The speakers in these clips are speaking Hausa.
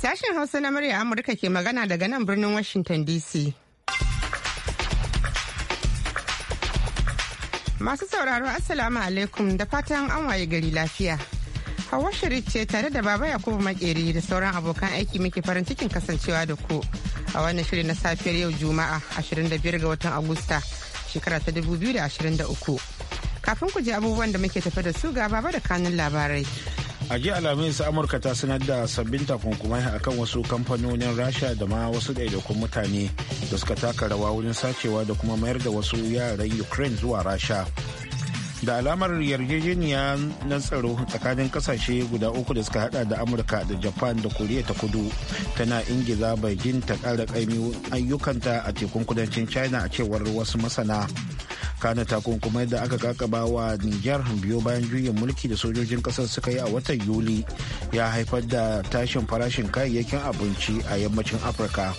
Sashen Hausa na murya Amurka ke magana daga nan birnin Washington DC. Masu sauraro Assalamu alaikum da fatan an waye gari lafiya. Hawa shirice ce tare da Baba Yakubu Makeri da sauran abokan aiki muke farin cikin kasancewa da ku a wannan shirin na safiyar yau juma'a 25 ga watan agusta shekara ta 2023 kafin ku je abubuwan da muke tafe da su ga baba da kanin labarai a jiya alhamis amurka ta sanar da sabbin takunkumai akan wasu kamfanonin rasha da ma wasu ɗaiɗaikun mutane da suka taka rawa wurin sacewa da kuma mayar da wasu yaran ukraine zuwa rasha da alamar yarjejeniya na tsaro tsakanin kasashe guda uku da suka hada da amurka da japan da koriya ta kudu tana ingiza beijing ta kara kaimi ayyukanta a tekun kudancin china a cewar wasu masana kana takunkumai da aka kakaba wa Nijar biyo bayan juyin mulki da sojojin kasar suka yi a watan Yuli ya haifar da tashin farashin kayayyakin abinci a yammacin Afirka.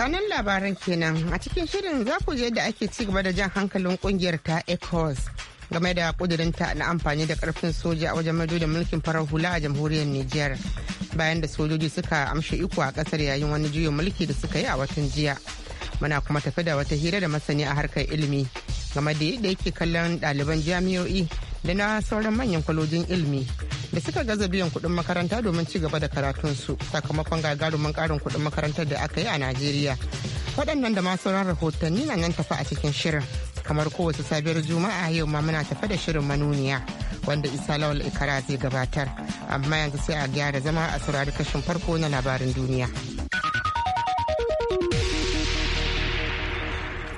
kanan labaran kenan a cikin shirin za ku je da ake ci gaba da jan hankalin kungiyar ta ecos game da kudurinta na amfani da karfin soja a wajen madu da mulkin farar hula a jamhuriyar niger bayan da sojoji suka amshi iko a kasar yayin wani juyin mulki da suka yi a watan jiya muna kuma tafi da wata hira da masani a harkar ilimi game da yadda yake kallon ɗaliban jami'o'i da na sauran manyan kwalojin ilimi da suka gaza biyan kuɗin makaranta domin ci gaba da karatunsu sakamakon gagarumin ƙarin kuɗin makarantar da aka yi a Najeriya. Waɗannan da ma sauran rahotanni na nan tafi a cikin shirin. Kamar kowace sabiyar Juma'a yau ma muna tafi da shirin manuniya wanda Isa Lawal Ikara zai gabatar. Amma yanzu sai a gyara zama a saurari kashin farko na labarin duniya.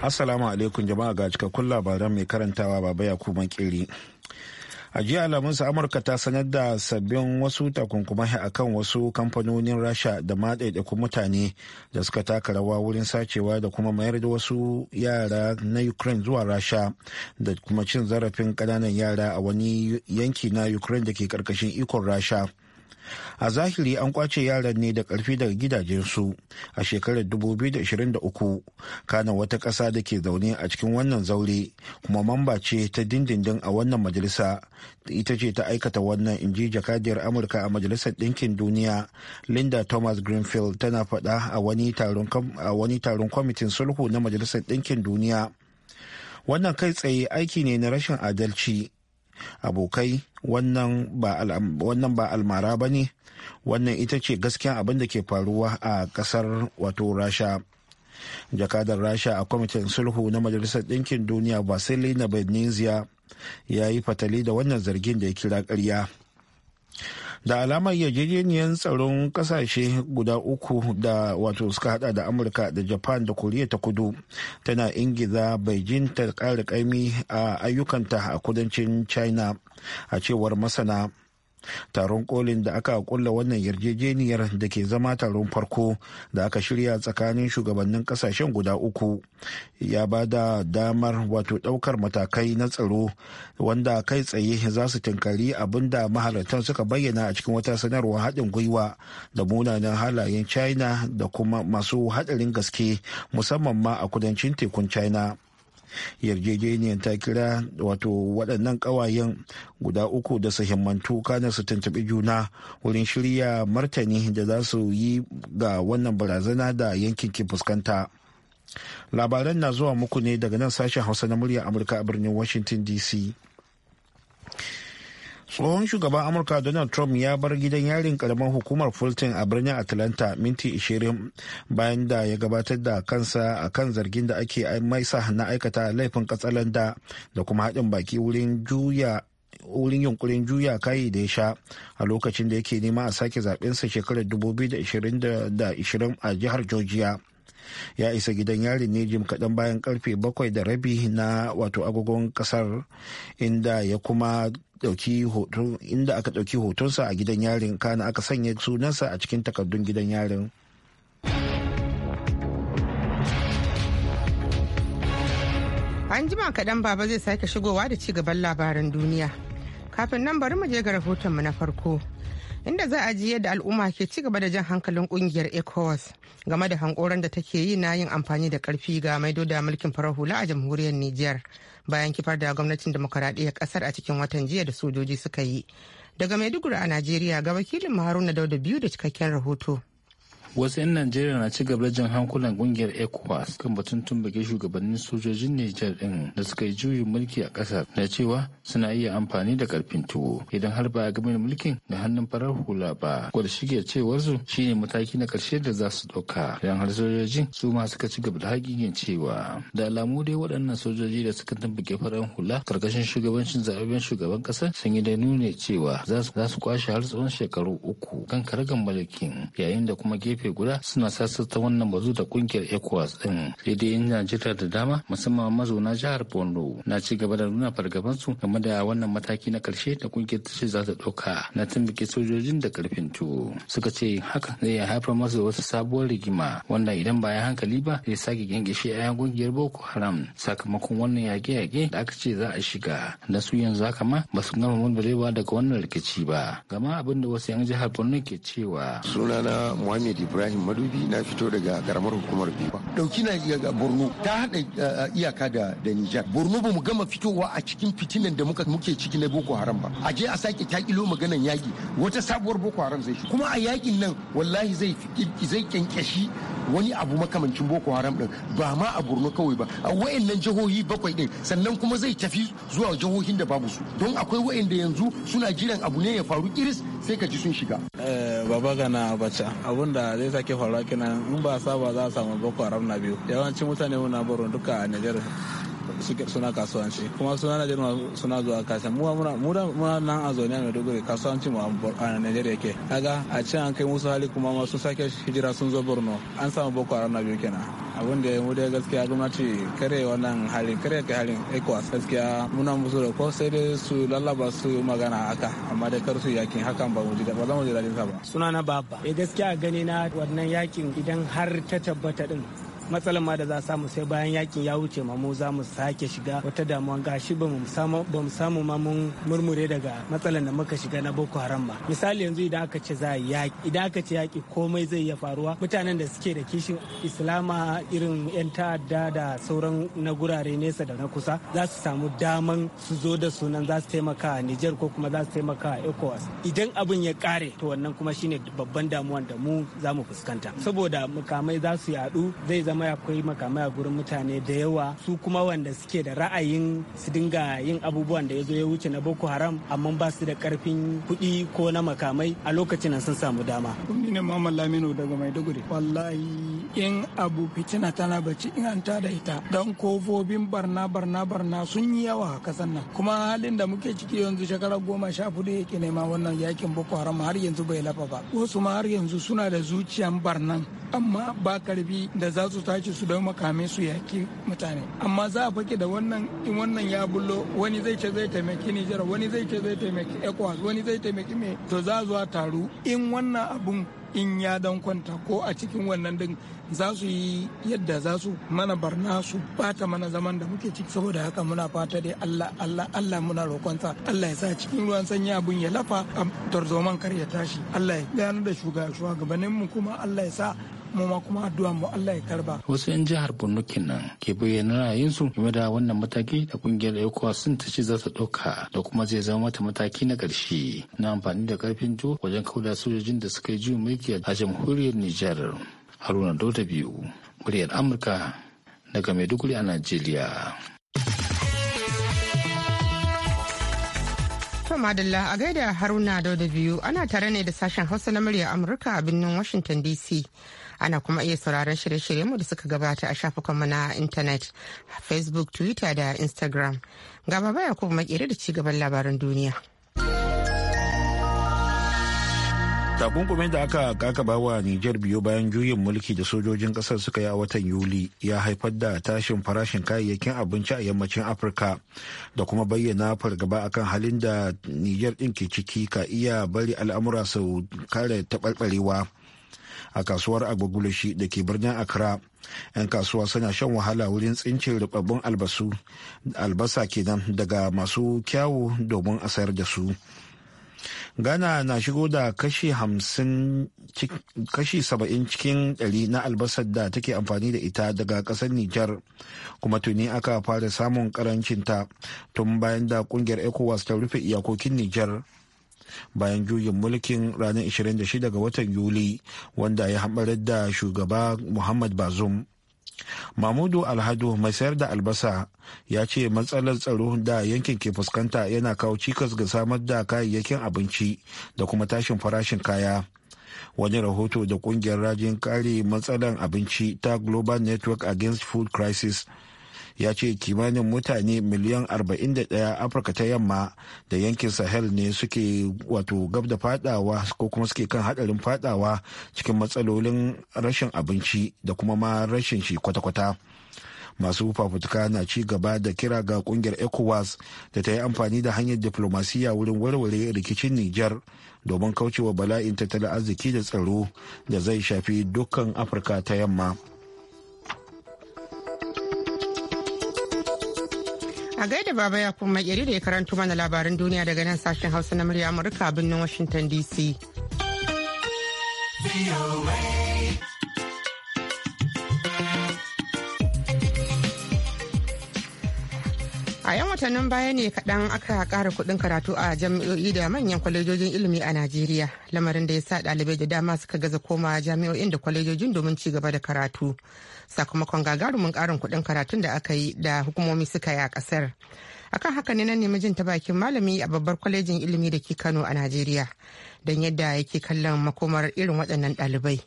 Assalamu alaikum jama'a ga cikakkun labaran mai karantawa baba ya kuma kiri. a jiya alamunsa amurka ta sanar da sabbin wasu takunkumai a kan wasu kamfanonin rasha da ma ɗaiɗaikun mutane da suka taka rawa wurin sacewa da kuma mayar da wasu yara na ukraine zuwa rasha da kuma cin zarafin ƙananan yara a wani yanki na ukraine da ke ƙarƙashin ikon rasha a zahiri an kwace yaran ne da karfi daga gidajensu a shekarar 2023 kana wata ƙasa da ke zaune a cikin wannan zaure kuma mamba ce ta dindindin a wannan majalisa da ita ce ta aikata wannan inji jakadiyar amurka a majalisar ɗinkin duniya linda thomas greenfield tana faɗa a wani taron kwamitin sulhu na majalisar ɗinkin duniya wannan kai tsaye aiki ne na rashin adalci abokai wannan ba almara ba ne wannan ita ce gaskiyan abin da ke faruwa a kasar wato rasha jakadar rasha a kwamitin sulhu na majalisar ɗinkin duniya vasily na benizia ya yi fatali da wannan zargin da ya kira karya da alamar yarjejeniyar tsaron kasashe guda uku da wato suka hada da amurka da japan da koriya ta kudu tana ingiza beijing ta kara kaimi a ayyukanta a kudancin china a cewar masana taron kolin da aka kulla wannan yarjejeniyar da ke zama taron farko da aka shirya tsakanin shugabannin kasashen guda uku ya ba da damar wato daukar matakai na tsaro wanda kai tsaye za su tunkari abin da mahalartan suka bayyana a cikin wata sanarwar haɗin gwiwa da munanan halayen china da kuma masu haɗarin gaske musamman ma a kudancin tekun china yarjejeniyar ta kira wato waɗannan ƙawayen guda uku da su himmantu kana su tuntuɓi juna wurin shirya martani da za su yi ga wannan barazana da yankin ke fuskanta labaran na zuwa muku ne daga nan sashen hausa na murya amurka a birnin washington dc tsohon shugaban amurka donald trump ya bar gidan yarin karamar hukumar fulton a birnin atlanta minti 20 bayan da ya gabatar da kansa a kan zargin da ake maisa na aikata laifin katsalanda da kuma haɗin baki wurin juya wurin yunkurin juya kayi da ya sha a lokacin da yake nema a sake zaɓensa shekarar 2020 a jihar georgia ya isa gidan yarin ne jim kaɗan bayan karfe bakwai da rabi na wato agogon kasar inda ya kuma inda aka ɗauki hotonsa a gidan yarin kana aka sanya sunansa a cikin takardun gidan yarin. An jima kaɗan baba zai sake shigowa da ci gaban labaran duniya. Kafin nan bari mu je ga rahotonmu na farko. inda za a ji yadda al'umma ke ci gaba da jan hankalin kungiyar ecowas game da hankoran da take yi na yin amfani da karfi ga maido da mulkin farar hula a jamhuriyar niger bayan kifar da gwamnatin demokaradiyyar kasar a cikin watan jiya da sojoji suka yi daga maiduguri a najeriya ga wakilin haruna dauda biyu da cikakken rahoto wasu 'yan najeriya na ci gaba da jan hankulan kungiyar ecowas kan batun tumbake shugabannin sojojin nijar din da suka yi juyin mulki a kasar Na cewa suna iya amfani da karfin tuwo idan har ba a gamin min mulkin da hannun farar hula ba ko da shige cewarsu shine mataki na karshe da za su ɗauka idan har sojojin su ma suka ci gaba da hakikin cewa da alamu dai waɗannan sojoji da suka tumbake farar hula karkashin shugabancin zaben shugaban ƙasar sun yi da nuna cewa za su kwashe har tsawon shekaru uku kan karagan mulkin yayin da kuma gefe gefe guda suna ta wannan bazu da kungiyar ecowas din sai dai yan najeriya da dama musamman mazauna jihar borno na ci gaba da nuna su game da wannan mataki na karshe da kungiyar ta ce za ta ɗauka na tumbuke sojojin da karfin tu suka ce haka zai haifar masu wasu sabuwar rigima wanda idan ba ya hankali ba zai sake gengishe a yan kungiyar boko haram sakamakon wannan yaƙe-yaƙe da aka ce za a shiga da su yanzu haka ma ba su gama murmurewa daga wannan rikici ba gama abin da wasu yan jihar borno ke cewa sunana muhammed ibrahim madubi na fito daga karamar hukumar biyu. dauki na ga borno ta hada eh, iyaka da da nijar borno ba mu gama fitowa a cikin fitinan da muka muke ciki na boko haram ba a je a sake takilo maganan yaki wata sabuwar boko haram zai shi kuma a yakin nan wallahi zai zai kyankyashi wani abu makamancin boko haram din ba ma a borno kawai ba a wayannan jihohi bakwai din sannan kuma zai tafi zuwa jihohin da babu su don akwai wayanda yanzu suna jiran abu ne ya faru iris sai ka ji sun shiga eh, baba gana abacha abun da zai sake faruwa kenan in ba saba za a samu boko haram na biyu yawancin mutane mu na duka a nijar suke suna kasuwanci kuma suna na najeriya suna zuwa kasa mu muna nan a zaune a maiduguri kasuwanci mu a nigeria ke kaga a can an kai musu hali kuma ma sake hijira sun zo borno an samu boko haram na biyu kenan abin da mu da gaskiya gwamnati kare wannan halin kare kai halin ecowas gaskiya muna musu da ko sai dai su lallaba su magana haka amma da kar su yakin hakan ba mu ji da ba za mu ji dadin sa ba sunana babba eh gaskiya gani na wannan yakin idan har ta tabbata din matsalar ma da za samu sai bayan yakin ya wuce ma mu za mu sake shiga wata damuwa ga shi samu ba mu samu ma mun murmure daga matsalar da muka shiga na Boko Haram ba misali yanzu idan aka ce za yaki idan aka ce yaki komai zai iya faruwa mutanen da suke da kishin Islama irin yan ta'adda da sauran na gurare nesa da na kusa za su samu daman su zo da sunan za su taimaka a Nijar ko kuma za su taimaka a ECOWAS idan abin ya kare to wannan kuma shine babban damuwan da mu za mu fuskanta saboda mukamai za su yadu zai zama akwai makamai a gurin mutane da yawa su kuma wanda suke da ra'ayin su dinga yin abubuwan da ya zo ya wuce na boko haram amma ba su da karfin kuɗi ko na makamai a lokacin nan sun samu dama. ni ne muhammad lamino daga maiduguri wallahi in abu fitina tana bacci in an ta da ita don kofofin barna barna barna sun yi yawa a kasan nan kuma halin da muke ciki yanzu shekara goma sha hudu yake nema wannan yakin boko haram har yanzu bai lafa ba wasu ma har yanzu suna da zuciyan barnan amma ba karfi da za su su tashi su don makamai su yaki mutane amma za a fake da wannan in wannan ya bullo wani zai ce zai taimaki Nijar wani zai ce zai taimaki ECOWAS wani zai taimaki me to za zuwa taru in wannan abun in ya dan kwanta ko a cikin wannan din za su yi yadda za su mana barna su bata mana zaman da muke ciki saboda haka muna fata dai Allah Allah Allah muna roƙonsa Allah ya sa cikin ruwan sanyi abun ya lafa a tarzoman kar ya tashi Allah ya gano da shugabannin mu kuma Allah ya sa mu ma kuma addu'a mu Allah ya karba wasu yan jihar Borno kenan ke bayyana ra'ayinsu game da wannan mataki da kungiyar ECOWAS sun ta ce za ta dauka da kuma zai zama mata mataki na ƙarshe na amfani da karfin jo wajen kauda sojojin da suka yi juyin mulki a jamhuriyar Nijar Haruna Dauda biyu muryar Amurka daga Maiduguri a Najeriya. Madalla a gaida Haruna Dauda biyu ana tare ne da sashen Hausa na murya Amurka a birnin Washington DC. ana kuma iya sauraron shirye-shiryen mu da suka gabata a shafukan mu na intanet facebook twitter da instagram gaba baya kuma makere da cigaban labaran duniya takunkumin da aka kakaba wa Nijar biyu bayan juyin mulki da sojojin kasar suka yi a watan Yuli ya haifar da tashin farashin kayayyakin abinci a yammacin Afirka da kuma bayyana fargaba akan halin da Nijar ɗin ke ciki ka iya bari al'amura sau kare taɓarɓarewa. a kasuwar agwagulashi da ke birnin accra 'yan kasuwa suna shan wahala wurin tsincin rubabbun albasu albasa kenan daga masu kyawu domin a sayar da su ghana na shigo da kashi saba'in cikin dari na albasar da take amfani da ita daga ƙasar nijar kuma tuni aka fara samun ƙarancinta tun bayan da kungiyar ecowas ta rufe iyakokin nijar bayan juyin mulkin ranar 26 ga watan yuli wanda ya haɓarar da shugaba muhammad bazum mamudu alhadu mai sayar da albasa ya ce matsalar tsaro da yankin ke fuskanta yana kawo cikas ga samar da kayayyakin abinci da kuma tashin farashin kaya wani rahoto da kungiyar rajin kare matsalar abinci ta global network against food crisis ya ce kimanin mutane miliyan 41 afirka ta yamma da yankin sahel ne suke wato gab da fadawa ko kuma suke kan hadarin fadawa cikin matsalolin rashin abinci da kuma ma rashin shi kwata-kwata masu fafutuka na ci gaba da kira ga kungiyar ecowas da ta yi amfani da hanyar diplomasiya wurin warware rikicin niger domin kaucewa bala'in tattalin arziki da tsaro da zai shafi dukkan afirka ta yamma. A gaida baba ya kuma da ya karanto mana labarin duniya daga nan sashen Hausa na murya Amurka birnin Washington DC. A 'yan watannin baya ne kaɗan aka ƙara kuɗin karatu a jami'o'i da manyan kwalejojin ilimi a Najeriya, lamarin da ya sa ɗalibai da dama suka gaza koma jami'o'in da kwalejojin domin ci gaba da karatu. Sakamakon gagarumin ƙarin kuɗin karatun da aka yi da hukumomi suka yi a ƙasar. Akan haka ne na nemi jin ta bakin malami a babbar kwalejin ilimi da ke Kano a Najeriya, don yadda yake kallon makomar irin waɗannan ɗalibai.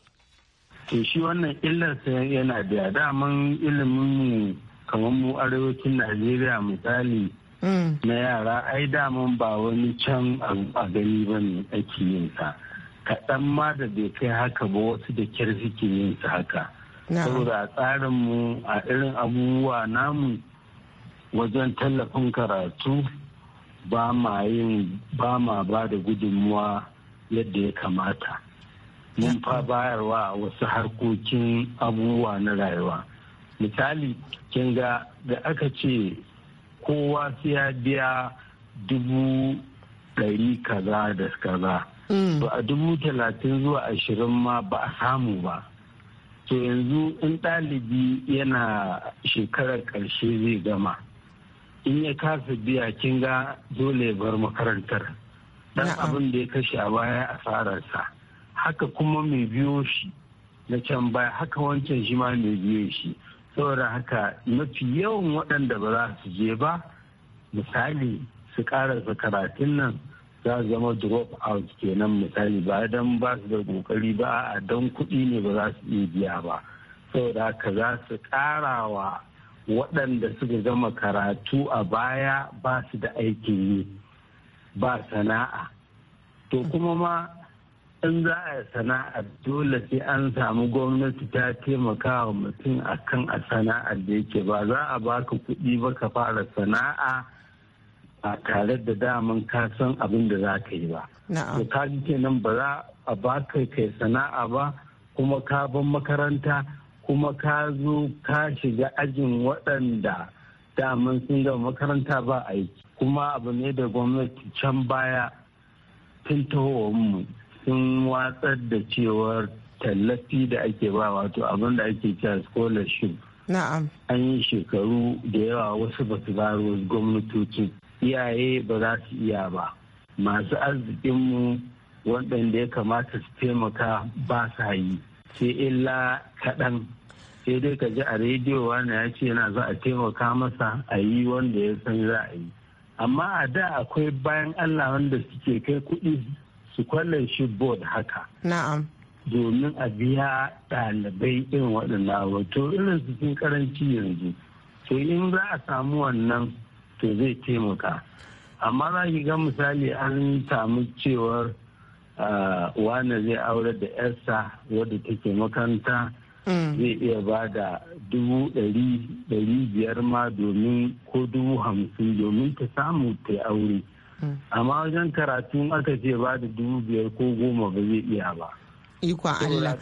To shi wannan illar illarsa yana da daman ilimin kamar mu arewacin najeriya misali mm. na yara ai mun ba wani can a gani ba ne ake yin sa kaɗan ma da bai kai haka ba wasu da kyar suke yin sa haka saboda a tsarin mu a irin abubuwa namu wajen tallafin karatu ba ma yin ba ma ba da gudunmuwa yadda ya kamata mun fa bayarwa wasu harkokin abubuwa na rayuwa misali kin ga da aka ce kowa sai ya biya dubu ɗari kaza da kaza mm. to a dubu talatin zuwa ashirin ma ba a samu ba to yanzu in ɗalibi yana shekarar ƙarshe zai gama in ya kasa biya kin ga dole bar makarantar dan abin da ya kashe a baya asararsa haka kuma mai biyo shi na can baya haka wancan shi ma mai biyo shi saboda haka mafi yawan waɗanda ba za su je ba misali su ƙarasa karatun nan za su zama drop out kenan misali ba don ba su da ƙoƙari ba a don kuɗi ne ba za su iya biya ba saboda haka za su ƙarawa waɗanda suka gama karatu a baya ba su da aikin yi ba sana'a to kuma ma in za a sana'a dole sai an samu gwamnati ta taimaka wa mutum kan a sana'ar da yake ba za a baka kuɗi ba ka fara sana'a a tare da daman ka san abin da za ka yi ba. To ka kenan ba za a baka kai sana'a ba kuma ka ban makaranta kuma ka zo ka shiga ajin waɗanda daman sun gama makaranta ba aiki kuma abu ne da gwamnati can baya tun mu sun watsar da cewar tallafi da ake ba wato abin da ake cewa scholarship na'am an yi shekaru da yawa wasu ba su baro gwamnatoci iyaye ba za su iya ba masu arzikinmu waɗanda ya kamata su taimaka ba sa yi sai illa kaɗan sai dai ka ji a rediyo wani ya ce yana za a taimaka masa a yi wanda ya san za a yi amma a da akwai bayan allah wanda suke kai kuɗi su shi board haka na'am domin a biya ɗalibai irin waɗanda wato irin su sun karanci yanzu to in za a samu wannan to zai taimaka amma za ki ga misali an samu cewar ah, wane zai aure da yarsa wadda take makaranta mm. zai iya ba da dubu dari biyar ma domin ko dubu hamsin domin ta samu ta aure Mm. amma wajen karatu aka ce ba da dubu biyar ko goma ba zai iya ba ikon Allah.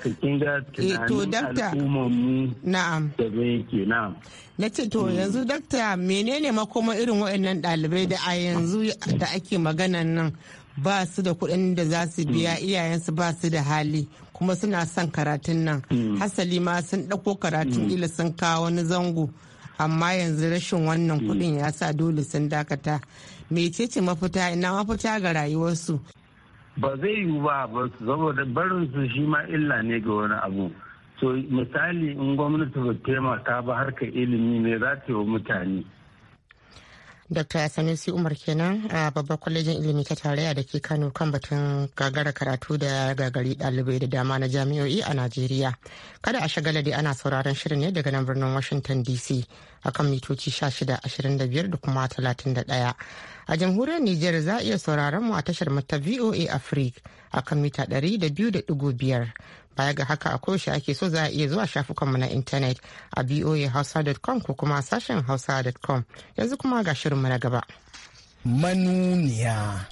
Eh, to dakta na'am Na ce to yanzu dakta menene makoma irin waɗannan ɗalibai da a yanzu da ake magana nan ba su da kuɗin da za su biya mm. iyayensu ba su da hali kuma suna son karatun nan mm. hasali ma sun ɗauko karatun ila sun kawo wani zango amma yanzu rashin wannan kuɗin ya sa dole sun dakata mecece mafita ina mafita ga rayuwarsu ba zai yiwu ba ba saboda barin su shi ma illa ne ga wani abu so misali in gwamnati ba taimaka ba harkar ilimi ne za ta yi mutane Dr. Sanusi Umar kenan a babbar kwalejin ilimi ta tarayya da ke Kano kan batun gagara karatu da gagari ɗalibai da dama na jami'o'i a Najeriya. Kada a shagala da ana sauraron shirin ne daga nan birnin Washington DC kan mitoci 16, 25 da kuma 31. A jamhuriyar Nijar za a iya sauraron mu a tashar mata VOA Africa a kan mita 200.5. Baya ga haka a koyaushe ake so za a iya zuwa shafukan mu na intanet a voahausa.com ko kuma sashen hausa.com. Yanzu kuma ga shirin mu na gaba. Manuniya.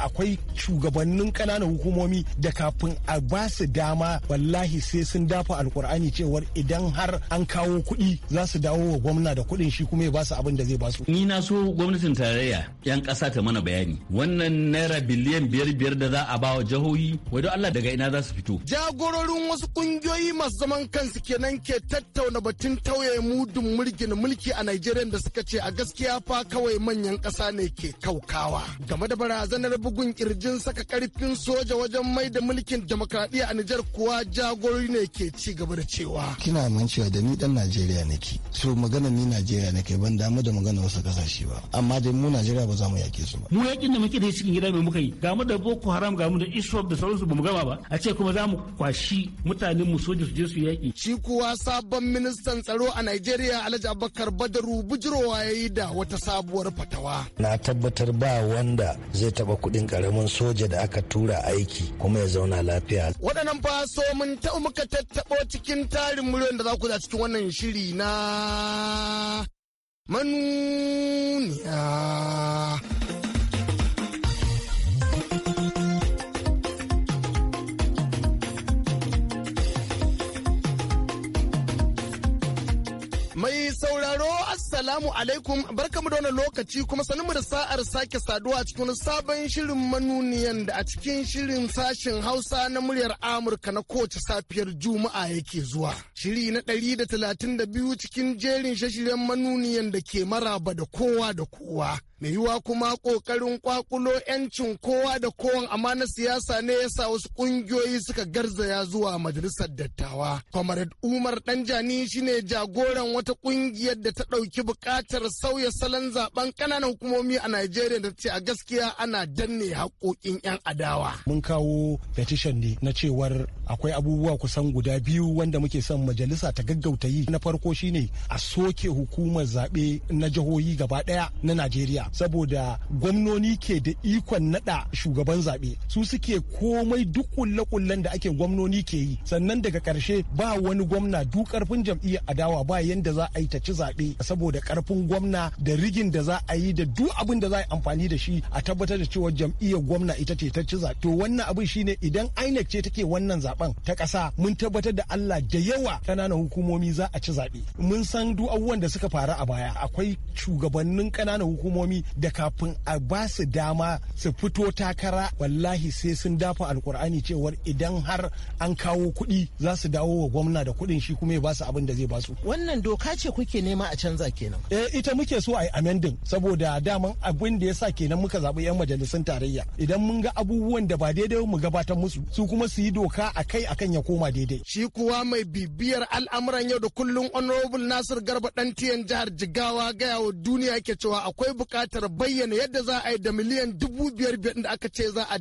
akwai shugabannin kananan hukumomi da kafin a ba su dama wallahi sai sun dafa alkur'ani cewar idan har an kawo kuɗi za su dawo wa gwamna da kuɗin shi kuma ya ba su abin da zai ba su. Ni na so gwamnatin tarayya 'yan ƙasa ta mana bayani wannan naira biliyan biyar biyar da za a ba wa jihohi don Allah daga ina za su fito. Jagororin wasu kungiyoyi masu zaman kansu kenan ke tattauna batun tauye mudun mulkin mulki a nigeria da suka ce a gaskiya fa kawai manyan ƙasa ne ke kaukawa. Game da barazanar bugun kirjin saka karfin soja wajen mai da mulkin demokradiyya a Nijar kuwa jagorori ne ke ci gaba da cewa. Kina cewa da ni dan Najeriya nake. So magana ni Najeriya nake ban damu da magana wasu kasashe ba. Amma dai mu Najeriya ba za mu yake su ba. Mu yakin da muke da cikin gida mai muka yi. Ga mu da Boko Haram ga mu da ISWAP da sauransu ba mu gama ba. A ce kuma za mu kwashi mutanen mu soja su je su yaki. Shi kuwa sabon ministan tsaro a Najeriya Alhaji Abubakar Badaru bujirowa ya yi da wata sabuwar fatawa. Na tabbatar ba wanda zai taba kuɗi ɗin karamin soja da aka tura aiki kuma ya zauna lafiya. Waɗannan fa so mun ta muka tattaɓo cikin tarin muryoyin da za ku za cikin wannan shiri na manuniya. Assalamu alaikum barkamu da wannan lokaci kuma sanin da sa'ar sake saduwa cikin sabon shirin manuniyan da a cikin shirin sashen Hausa na muryar Amurka na kowace safiyar Juma'a yake zuwa. Shiri na ɗari da talatin da biyu cikin jerin shashiren manuniyan da ke maraba da kowa da kowa. mai yiwuwa kuma kokarin kwakulo 'yancin kowa da kowan amma na siyasa ne ya sa wasu ƙungiyoyi suka garzaya zuwa majalisar dattawa comrade umar danjani shine jagoran wata ƙungiyar da ta ɗauki buƙatar sauya salon zaben ƙananan hukumomi a Najeriya da ce a gaskiya ana danne haƙoƙin 'yan adawa. Mun kawo petition ne na cewar akwai abubuwa kusan guda biyu wanda muke son majalisa ta gaggauta yi. Na farko shine a soke hukumar zaɓe na jihohi gaba ɗaya na Najeriya saboda gwamnoni ke da ikon naɗa shugaban zaɓe su suke komai duk kulle-kullen da ake gwamnoni ke yi sannan daga ƙarshe ba wani gwamna duk ƙarfin jam'iyyar adawa ba yanda za a yi ta ci zaɓe saboda karfin gwamna da rigin da za a yi da duk abin da za a yi amfani da shi a tabbatar da cewa jam'iyyar gwamna ita ce ta ci to wannan abin shine idan INEC ce take wannan zaben ta kasa mun tabbatar da Allah da yawa ƙananan hukumomi za a ci zaɓe mun san duk abubuwan da suka faru a baya akwai shugabannin kananan hukumomi da kafin a ba su dama su fito takara wallahi sai sun dafa alkur'ani cewar idan har an kawo kuɗi za su dawo wa gwamna da kuɗin shi kuma ya ba su abin da zai ba su wannan doka ce kuke nema a canza kenan eh ita muke so a yi amending saboda daman abin da ya sa kenan muka zaɓi 'yan majalisun tarayya idan mun ga abubuwan da ba daidai mu gabatar musu su kuma su yi doka a kai akan ya koma daidai shi kuwa mai bibiyar al'amuran yau da kullum honorable nasir garba dan tiyan jihar jigawa gaya wa duniya ke cewa akwai buƙatar bayyana yadda za a yi da miliyan dubu biyar biyar da aka ce za a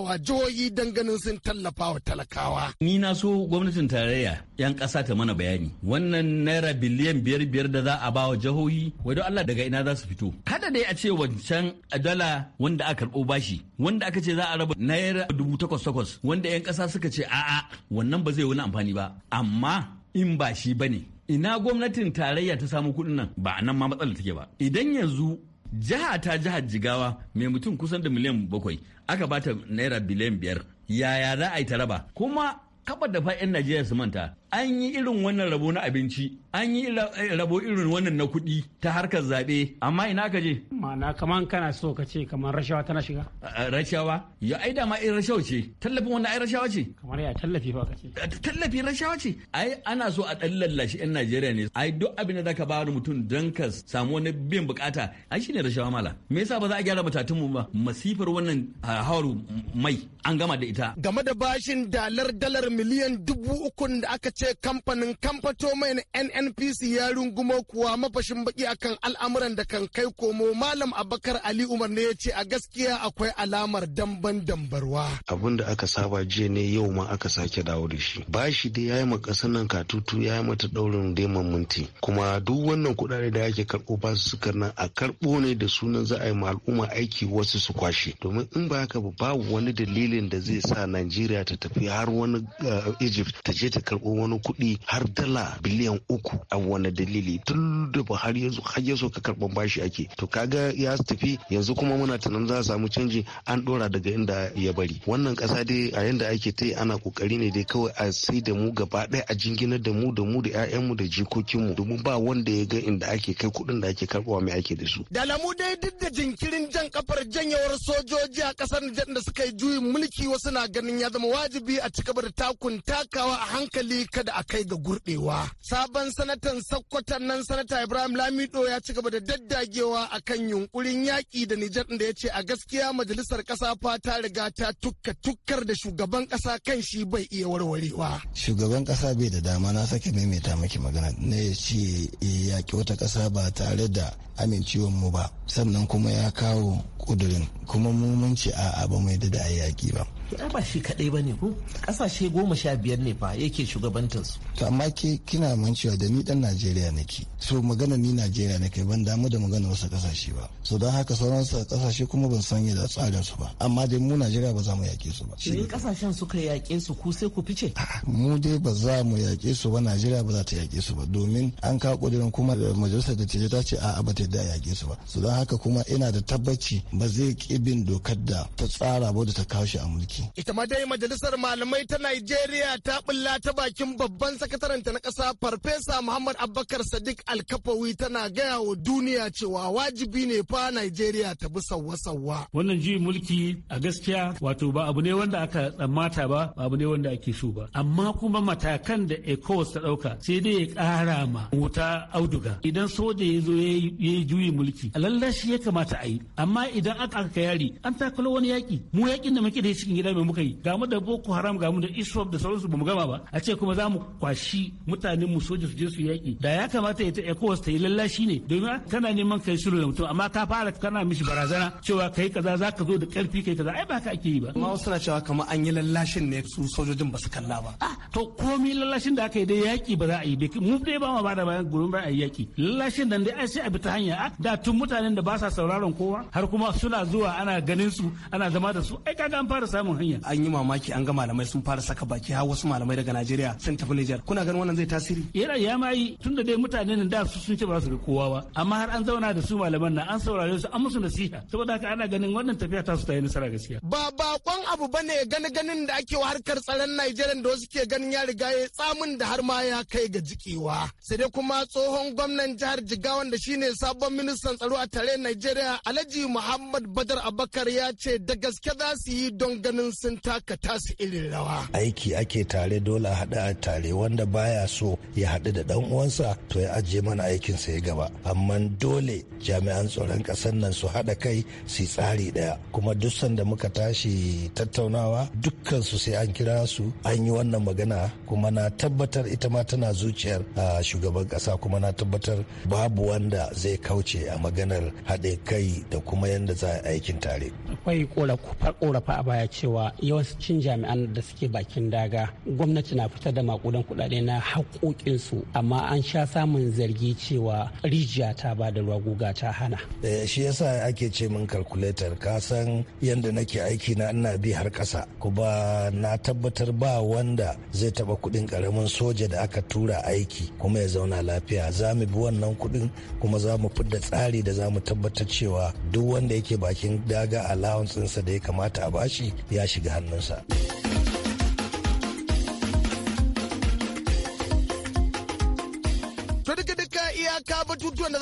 wa jihohi dan ganin sun tallafa wa talakawa ni na so gwamnatin tarayya 'yan ƙasa ta mana bayani wannan naira biliyan biyar biyar da za a ba wa jihohi jihohi don Allah daga ina za su fito kada dai a ce wancan dala wanda aka karbo bashi wanda aka ce za a raba naira dubu takwas takwas wanda 'yan ƙasa suka ce a'a wannan ba zai wani amfani ba amma in ba shi ba ne ina gwamnatin tarayya ta samu kuɗin nan ba nan ma matsalar take ba idan yanzu jiha ta jihar jigawa mai mutum kusan da miliyan bakwai aka bata naira biliyan biyar yaya za a yi ta raba kuma kabar da fa'in najeriya su manta an yi irin wannan rabo na abinci an yi eh, rabo irin wannan na kuɗi ta harkar zaɓe amma ina ka je ma'ana kamar kana so ka ce kamar rashawa tana shiga rashawa ya ai dama ai rashawa ce tallafin wannan ai rashawa ce kamar ya tallafi fa kace tallafi rashawa ce ai ana so a dan lallashi yan Najeriya ne ai duk abin da zaka ba mutum dan ka samu wani biyan bukata ai shine rashawa mala me yasa ba za a gyara matatun mu ba masifar wannan hawar mai an gama da ita game da bashin dalar dalar miliyan dubu ukun da aka ce kamfanin kamfato mai na nnpc ya rungumo kuwa mafashin baki akan al'amuran da kan kai komo malam abakar ali umar ne ya ce a gaskiya akwai alamar damban dambarwa abin da aka saba jiya ne yau ma aka sake dawo da shi bashi dai ya ma kasar nan katutu ya yi mata daurin daiman minti kuma duk wannan kuɗaɗe da ake karɓo ba su sukar nan a karɓo ne da sunan za a yi ma al'umma aiki wasu su kwashe domin in ba haka ba babu wani dalilin da zai sa najeriya ta tafi har wani eh, egypt ta je ta karɓo wani kuɗi har dala biliyan uku a wani dalili tun da har yanzu har yanzu ka karɓan bashi ake to kaga ya tafi yanzu kuma muna tunanin za a samu canji an ɗora daga inda ya bari wannan ƙasa dai a yanda ake ta ana ƙoƙari ne dai kawai a sai da mu gaba ɗaya a jinginar da mu da mu da 'ya'yanmu da jikokinmu domin ba wanda ya ga inda ake kai kuɗin da ake karɓawa mai ake da su. Da lamu dai duk da jinkirin jan kafar janyewar sojoji a ƙasar Nijar da suka yi juyin mulki wasu na ganin ya zama wajibi a cigaba da takun takawa a hankali kada a kai ga gurɗewa. Sabon sanatan Sakkwatan nan sanata Ibrahim Lamido ya ci gaba da daddagewa akan yunkurin yaƙi da Nijar da ya ce a gaskiya majalisar ƙasa fa ta riga ta tukka tukkar da shugaban ƙasa kan shi bai iya warwarewa. Shugaban ƙasa bai da dama na sake maimaita maki magana na ya ce yaƙi wata ƙasa ba tare da amincewar mu ba sannan kuma ya kawo ƙudurin kuma mu mun ce a'a ba mai yadda da yaƙi ba. ya ba shi kadai ne ko kasashe goma sha biyar ne fa yake shugabantar su to amma ke kina cewa da ni dan Najeriya nake so magana ni Najeriya nake ban damu da magana wasu kasashe ba so don haka sauran kasashe kuma ban san yadda tsarin su ba amma dai mu Najeriya ba za mu yake su ba shi kasashen suka yake su ku sai ku fice mu dai ba za mu yake su ba Najeriya ba za ta yake su ba domin an ka kudirin kuma majalisar da ta ce a'a ba ta da yake su ba so don haka kuma ina da tabbaci ba zai kibin dokar da ta tsara ba da ta kawo shi a mulki aiki. Ita ma dai majalisar malamai ta Najeriya ta bulla ta bakin babban sakataranta na ƙasa Farfesa Muhammad Abubakar Sadiq Alkafawi tana gaya wa duniya cewa wajibi ne fa Najeriya ta bi sauwa-sauwa. Wannan juyin mulki a gaskiya wato ba abu ne wanda aka tsammata ba ba abu ne wanda ake so ba. Amma kuma matakan da ECOWAS ta ɗauka sai dai ya kara ma wuta auduga. Idan soja ya zo ya yi juyin mulki a lallashi ya kamata a yi. Amma idan aka aka yari an takalo wani yaƙi mu yaƙin da muke da cikin gida kai mai muka yi ga da boko haram ga da iswap da sauransu bamu gama ba a ce kuma za mu kwashi mutanen mu soja su je su yaki da ya kamata ita ECOWAS ta yi lallashi ne domin kana neman kai sulhu da mutum amma ka fara kana mishi barazana cewa kai kaza za ka zo da karfi kai kaza ai ba ka ake yi ba amma wasu na cewa kamar an yi lallashin ne su sojojin ba su kalla ba ah, to komai lallashin da aka yi dai yaƙi ba za a yi mu dai ba ma ba da bayan gurin ba a yi yaki lallashin nan dai ai sai a bi ta hanya ah, da tun mutanen da ba sa sauraron kowa har kuma suna zuwa ana ganin su ana zama da su ai kaga an fara samun hanya an yi mamaki an ga malamai sun fara saka baki har wasu malamai daga Najeriya sun tafi Niger kuna ganin wannan zai tasiri yana ya ma yi tunda dai mutane nan da su sun ce ba su ga kowa ba amma har an zauna da su malaman nan an saurare su an musu nasiha saboda haka ana ganin wannan tafiya ta su ta yi nasara gaskiya ba bakon abu bane gani ganin da ake wa harkar tsaron Najeriya da wasu ke ganin ya riga ya tsamin da har ma ya kai ga jikewa sai dai kuma tsohon gwamnan jihar Jigawan da shine sabon ministan tsaro a tare Najeriya Alhaji Muhammad Badar Abakar ya ce da gaske za su yi don ganin nan sun taka tasu irin rawa. Aiki ake tare dole a haɗa a tare wanda baya so ya haɗu da ɗan uwansa to ya ajiye mana aikin sa ya gaba. Amma dole jami'an tsaron ƙasar nan su haɗa kai su tsari ɗaya. Kuma duk sanda muka tashi tattaunawa dukkan su sai an kira su an yi wannan magana kuma na tabbatar ita ma tana zuciyar shugaban ƙasa kuma na tabbatar babu wanda zai kauce a maganar haɗe kai da kuma yadda za a aikin tare. Akwai ƙorafa a baya cewa cewa yawancin jami'an da suke bakin daga gwamnati na fita da makudan kuɗaɗe na haƙoƙinsu amma an sha samun zargi cewa rijiya ta ba da ruwa ta hana. Eh, shi yasa ake ce min kalkuletar ka san yadda nake aiki na ina bi har ƙasa kuma na tabbatar ba wanda zai taɓa kuɗin ƙaramin soja da aka tura aiki kuma ya zauna lafiya za mu bi wannan kuɗin kuma za mu fidda tsari da za mu tabbatar cewa duk wanda yake bakin daga allowance ɗinsa da ya kamata a bashi ya shiga hannunsa.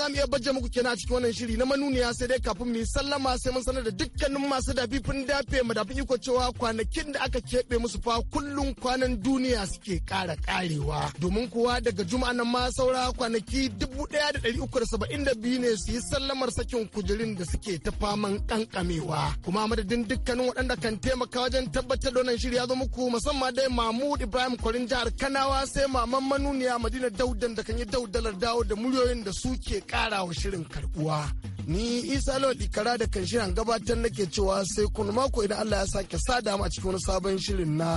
mu iya bajje muku kenan a cikin wannan shiri na manuniya sai dai kafin mu yi sallama sai mun sanar da dukkanin masu dafifin dafe mu dafi iko cewa kwanakin da aka keɓe musu fa kullum kwanan duniya suke ƙara ƙarewa domin kuwa daga juma'a nan ma saura kwanaki dubu ɗaya da ɗari uku da saba'in da biyu ne su yi sallamar sakin kujerun da suke ta faman ƙanƙamewa kuma madadin dukkanin waɗanda kan taimaka wajen tabbatar da wannan shiri ya zo muku musamman dai mahmud ibrahim kwarin jihar kanawa sai maman manuniya madina daudan da kan yi daudalar dawo da muryoyin da suke kara wa shirin karbuwa ni isa lawal kara da kan shirin gabatar nake cewa sai kun mako idan allah ya sake sada mu a cikin wani sabon shirin na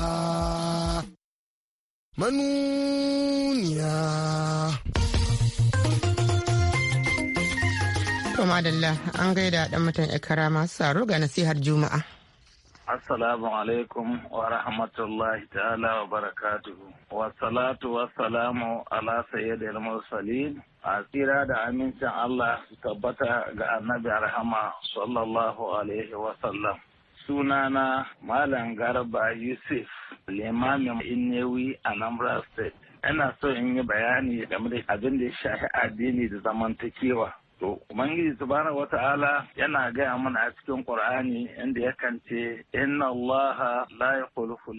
manuniya to madalla an gaida dan mutan ikara masu saro ga nasihar juma'a Assalamu alaikum wa rahmatullahi ta'ala wa barakatuhu. wa salamu ala sayyidil mursalin a tsira da amincin Allah su tabbata ga annabi rahama sallallahu alaihi wasallam. Sunana Malam Garba Yusuf, limamin Inewi a Namra State. Ina so in yi bayani game da abin da ya shafi addini da zamantakewa. To, Ubangiji subhanahu yana gaya mana a cikin ƙur'ani inda ya kance, Inna Allah la yukhlifu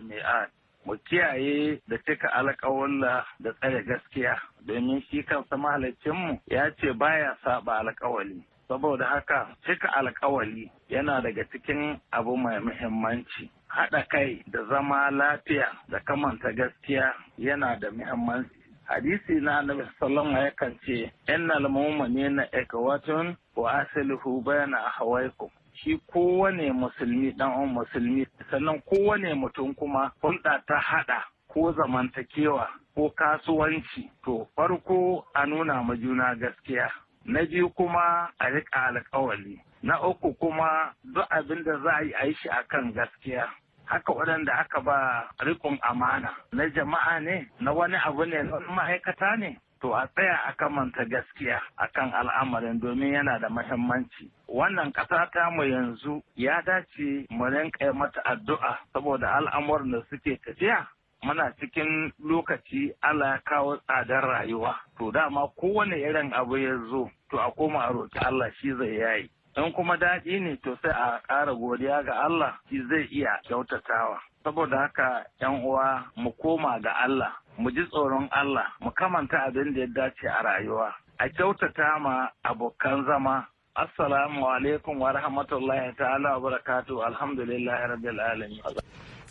Mu kiyaye da cika alƙawalla da tsare gaskiya. domin shi kansa mahalicinmu ya ce baya saba alkawali saboda haka cika alkawali yana daga cikin abu mai muhimmanci haɗa kai da zama lafiya da kamanta gaskiya yana da muhimmanci hadisi na annabi sallallahu alaihi yakan ce innal mu'minina ikwatun wa asluhu bayna ahwaikum shi kowane musulmi dan musulmi sannan kowane mutum kuma hulɗa ta haɗa ko zamantakewa ko kasuwanci to farko a nuna ma juna gaskiya na biyu kuma a riƙa alƙawali na uku kuma duk abin da za a yi a yi shi akan gaskiya haka waɗanda aka ba rikon amana na jama'a ne na wani abu ne na ma'aikata ne to a tsaya a manta gaskiya a kan al'amarin domin yana da mahimmanci wannan ƙasa ta mu yanzu ya dace mu rinƙa mata addu'a saboda al'amuran da suke tafiya muna cikin lokaci Allah ya kawo tsadar rayuwa to dama kowane irin abu ya zo to a koma a roƙi Allah shi zai yayi in kuma daɗi ne to sai a ƙara godiya ga Allah shi zai iya kyautatawa saboda haka yan uwa mu koma ga Allah mu ji tsoron Allah mu kamanta abin da ya dace a rayuwa a kyautata ma abokan zama assalamu alaikum wa rahmatullahi ta'ala wa barakatu alhamdulillahi rabbil alamin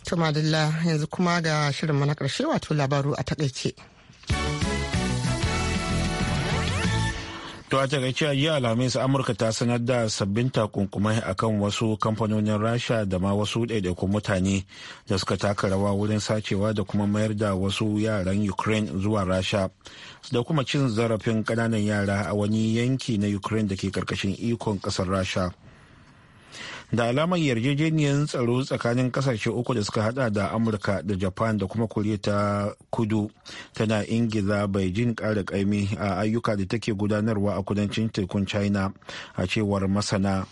dilla yanzu kuma ga shirin na ƙarshe wato labaru a takaice. To a takaice a jiya Alhamis Amurka ta sanar da sabbin takunkumai a kan wasu kamfanonin Rasha da ma wasu ɗaiɗaikun mutane da suka taka rawa wurin sacewa da kuma mayar da wasu yaran Ukraine zuwa Rasha da kuma cin zarafin ƙananan yara a wani yanki na Ukraine da ke karkashin ikon ƙasar Rasha. da alamar yarjejeniyar tsaro tsakanin kasashe uku da suka hada da amurka da japan da kuma koriya ta kudu tana ingiza beijing kara kaimi a ayyuka da take gudanarwa a kudancin tekun china a cewar masana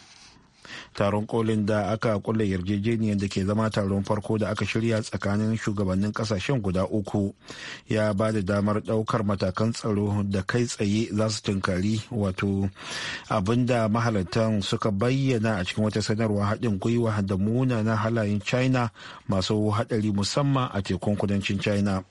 taron kolin da aka kulle yarjejeniyar da ke zama taron farko da aka shirya tsakanin shugabannin kasashen guda uku ya ba da damar daukar matakan tsaro da kai tsaye za su tunkari wato abinda mahalartan suka bayyana a cikin wata sanarwa haɗin gwiwa da munanan halayen china masu haɗari musamman a tekun kudancin china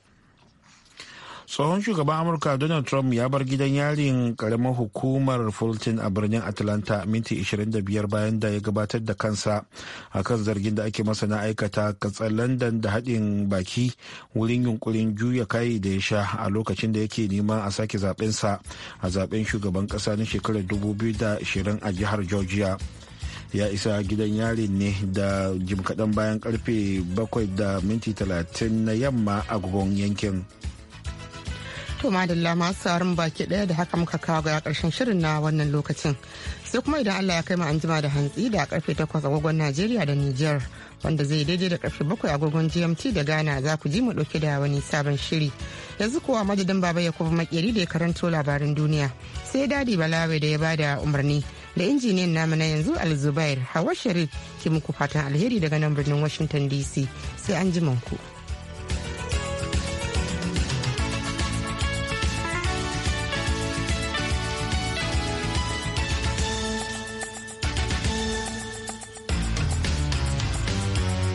tsohon shugaban amurka donald trump ya bar gidan yarin karamar hukumar fulton a birnin atlanta minti 25 bayan da ya gabatar da kansa a kan zargin da ake masa na aikata katsar da haɗin baki wurin yunkurin juya kayi da ya sha a lokacin da yake neman a sake sa a zaɓen shugaban ƙasa na shekarar 2020 a jihar georgia ya isa gidan yari ne da jim kaɗan bayan karfe 7 da minti 30 na yamma a yankin. To madalla masu sauran baki daya da haka muka kawo ga karshen shirin na wannan lokacin. Sai kuma idan Allah ya kai mu an jima da hantsi da karfe 8 agogon Najeriya da Nijar wanda zai daidai da karfe 7 agogon GMT da Ghana za ku ji mu dauke da wani sabon shiri. Yanzu kuwa madadin baba ya kuma makeri da ya karanto labarin duniya. Sai dadi balawe da ya bada umarni da injiniyan namu na yanzu Alzubair Hawa Sharif ke muku fatan alheri daga nan birnin Washington DC. Sai an ku.